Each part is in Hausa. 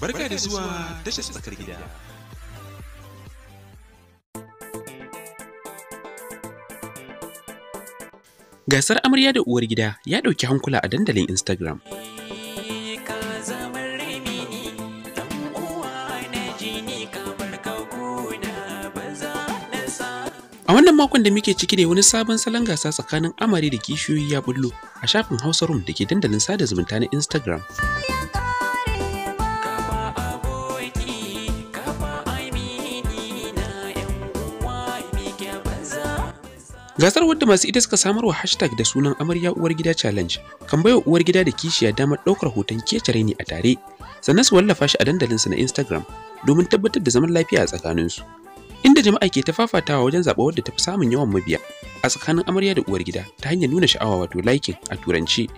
Barka da zuwa tashar tsakar gida. Gasar amarya da uwar gida ya ɗauki hankula a dandalin Instagram. A wannan makon da muke ciki ne wani sabon salon gasa tsakanin amare da kishiyoyi ya bullo a shafin Hausa Room da ke dandalin sada zumunta na Instagram. gasar wadda masu ita suka samarwa hashtag da sunan amarya uwar gida challenge kan baiwa uwar gida da kishiya damar ɗaukar hoton kecare ni a tare sannan su wallafa shi a dandalin su na instagram domin tabbatar da zaman lafiya a tsakaninsu inda jama'a ke ta fafatawa wajen zaɓa wadda ta fi samun yawan mabiya a tsakanin amarya da uwar gida ta hanyar nuna sha'awa wato liking a turanci.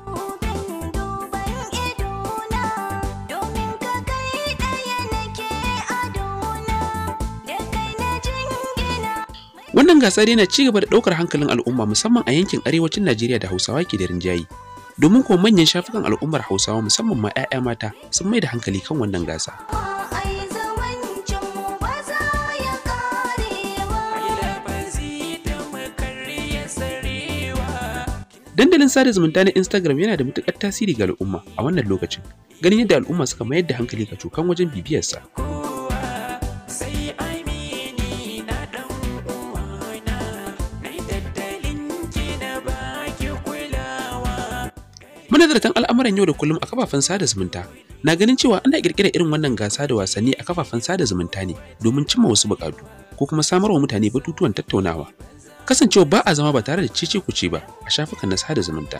Wannan gasa dai na ci gaba da ɗaukar hankalin al'umma musamman a yankin arewacin Najeriya da Hausawa ke da rinjayi. Domin kuma manyan shafukan al'ummar Hausawa musamman ma 'ya'ya mata sun mai da hankali kan wannan gasa. Dandalin sada zumunta na Instagram yana da matukar tasiri ga al'umma a wannan lokacin, ganin yadda al'umma suka mayar da hankali ga cokan wajen bibiyarsa. manazartan al'amuran yau da kullum a kafafen sada zumunta na ganin cewa ana kirkira irin wannan gasa da wasanni a kafafen sada zumunta ne domin cimma wasu bukatu ko kuma samar wa mutane batutuwan tattaunawa kasancewa ba a zama ba tare da cece kuce ba a shafukan na sada zumunta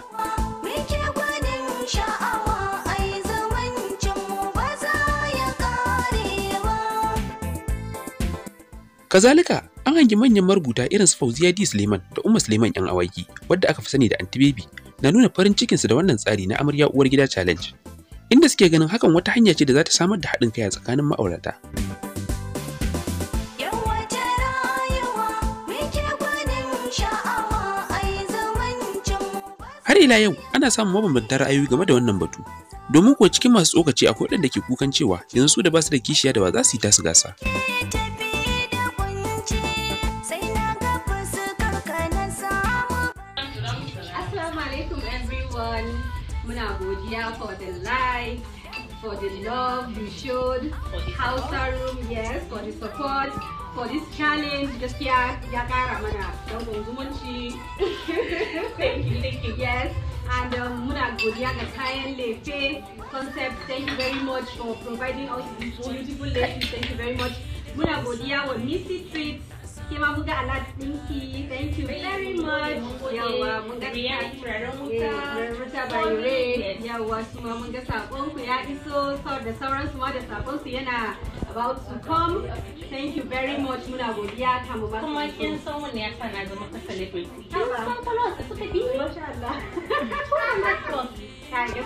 Kazalika, an hangi manyan marubuta irin su Fauziya D. Suleiman da Umar Suleiman ‘yan awaki, wadda aka fi sani da Anti na nuna farin cikinsu da wannan tsari na amarya uwar gida challenge inda suke ganin hakan wata hanya ce da za ta samar da haɗin kai a tsakanin ma'aurata. Har ila yau ana samun mabambantar ra'ayoyi game da wannan batu. Domin kuwa cikin masu tsokaci akwai waɗanda ke kukan cewa yanzu su da basu da kishiya da ba za su yi tasu gasa. alaikum everyone. Muna godiya for the like, for the love you showed, for the house Hausa room, yes, for the support, for this challenge. Just ya kara mana dangon Thank you, thank you. Yes, and um, muna godiya ga kayan lefe concept. Thank you very much for providing us this beautiful lefe. Thank you very much. Muna godiya wa Missy Treats. Kima muga alert ɗinki. Thank you very much rarrata eh, by yawa su ma mun ga sakonku ya iso da sauransu ma da sakonsu yana about to come thank you very much muna godiya kamu ba kuma kin san wani ya sana zama ka celebrate kin san followers da suka bi masha Allah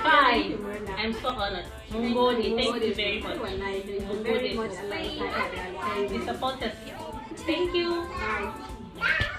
Bye. I'm so honored. Mungodi, thank you very much. Mungodi, thank you. Support us. Thank you. Bye.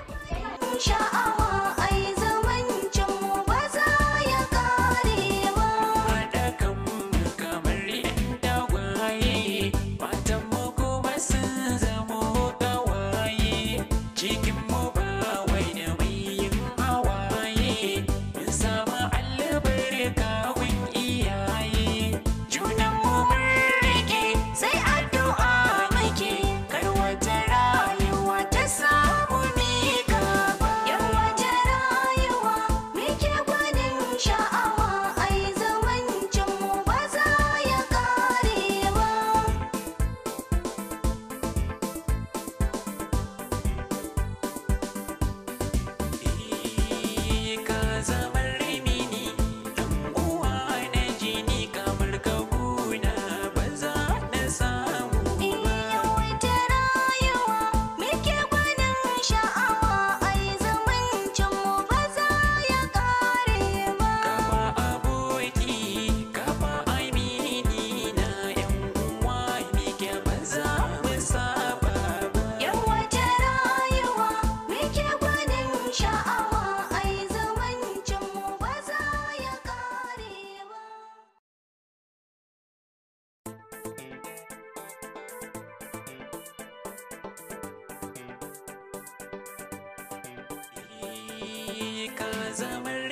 ka zama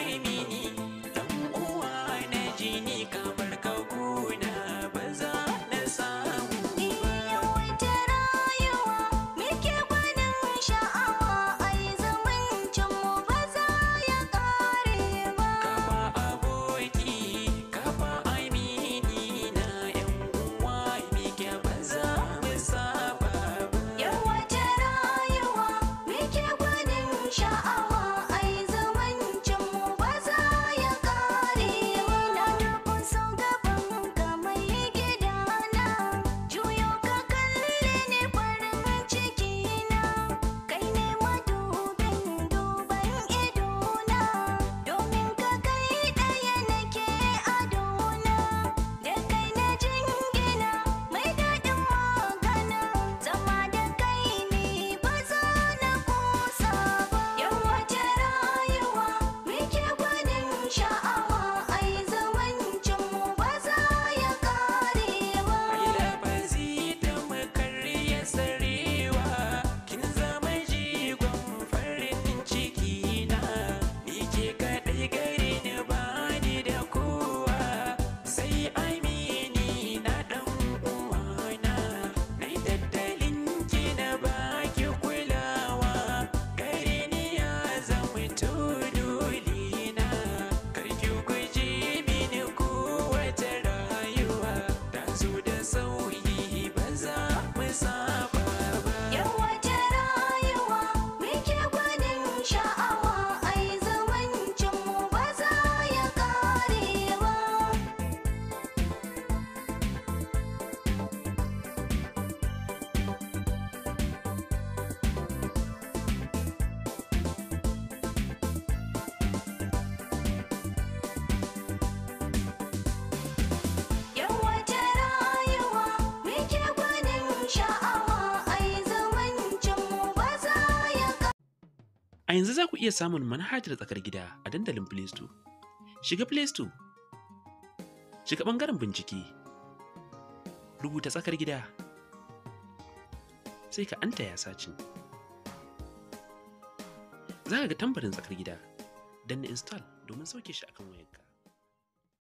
A yanzu za ku iya samun manhajar tsakar gida a dandalin Play Store. Shiga Play Store, shiga ɓangaren bincike, rubuta tsakar gida, sai ka anta ya sacin. Za ka ga tambarin tsakar gida, danna install domin sauke shi a kan wayanka